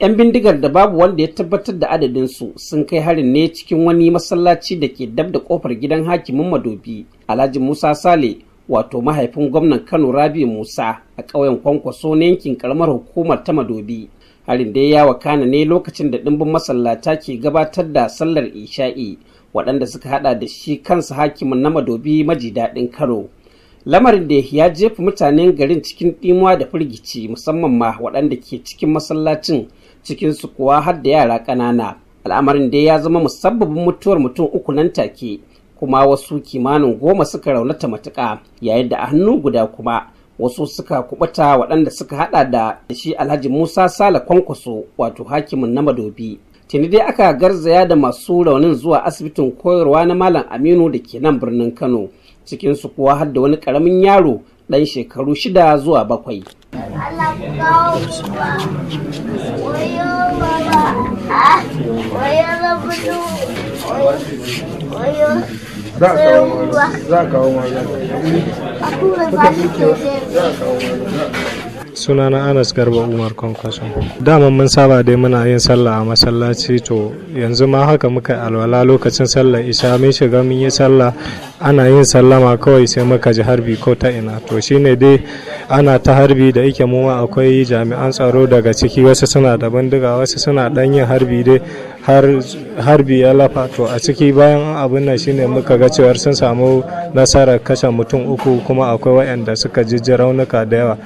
'yan bindigar da babu wanda ya tabbatar da su sun kai harin ne cikin wani masallaci da ke dab da kofar gidan hakimin madobi alhaji musa sale wato mahaifin gwamnan kano rabi musa a ƙauyen kwankwaso na yankin karamar hukumar ta madobi harin da ya yawa kana ne lokacin da ɗimbin masallata ke gabatar da sallar isha'i waɗanda suka hada da shi kansa hakimin na madobi maji daɗin karo lamarin da ya jefa mutanen garin cikin ɗimuwa da firgici musamman ma waɗanda ke cikin masallacin cikin su kuwa har da yara ƙanana al'amarin da ya zama musabbabin mutuwar mutum uku nan take kuma wasu kimanin goma suka raunata matuƙa yayin da a hannu guda kuma wasu suka kubuta waɗanda suka hada da shi alhaji musa sala kwankwaso wato hakimin na madobi tuni dai aka garzaya da masu raunin zuwa asibitin koyarwa na malam aminu da ke nan birnin kano cikinsu kuwa har da wani karamin yaro ɗan shekaru shida zuwa bakwai. za sunana anas garba umar kwankwaso dama mun saba dai muna yin sallah a masallaci to yanzu ma haka muka alwala lokacin sallah isha mun shiga mun yi sallah ana yin sallama kawai sai muka ji harbi ko ta ina to shine dai ana ta harbi da yake mu akwai jami'an tsaro daga ciki wasu suna da bindiga wasu suna dan yin harbi dai harbi ya lafa to a ciki bayan abin nan shine muka ga cewar sun samu nasarar kashe mutum uku kuma akwai waɗanda suka jijji raunuka da yawa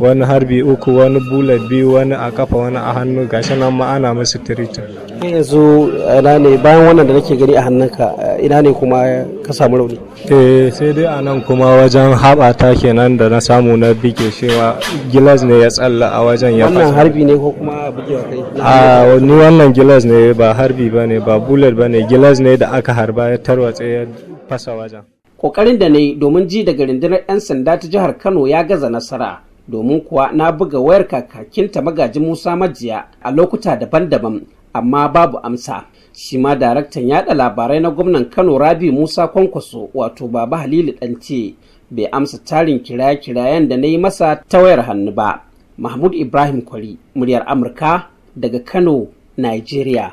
wani harbi uku wani bullet biyu wani a kafa wani a hannu gashi nan ma ana musu tirita yanzu eh, ina ne bayan wannan da nake gani a hannunka eh, ina ne kuma ka samu rauni eh sai dai a nan kuma wajen haɓata kenan da na samu na bige shewa gilas ne ya tsalla a wajen ya wannan harbi ne ko kuma bugewa kai a ah, ni wannan gilas ne ba harbi bane ba bullet bane gilas ne da aka harba ya tarwatse ya fasa wajen kokarin da na yi domin ji daga rundunar 'yan sanda ta jihar kano ya gaza nasara domin kuwa na buga wayar kakakinta magaji musa majiya a lokuta daban-daban amma babu amsa shi ma daraktan yada labarai na gwamnan kano rabi musa kwankwaso wato baba halilu ɗance bai amsa tarin kiraye-kirayen da na yi masa ta wayar hannu ba mahmud ibrahim kwari muryar amurka daga kano nigeria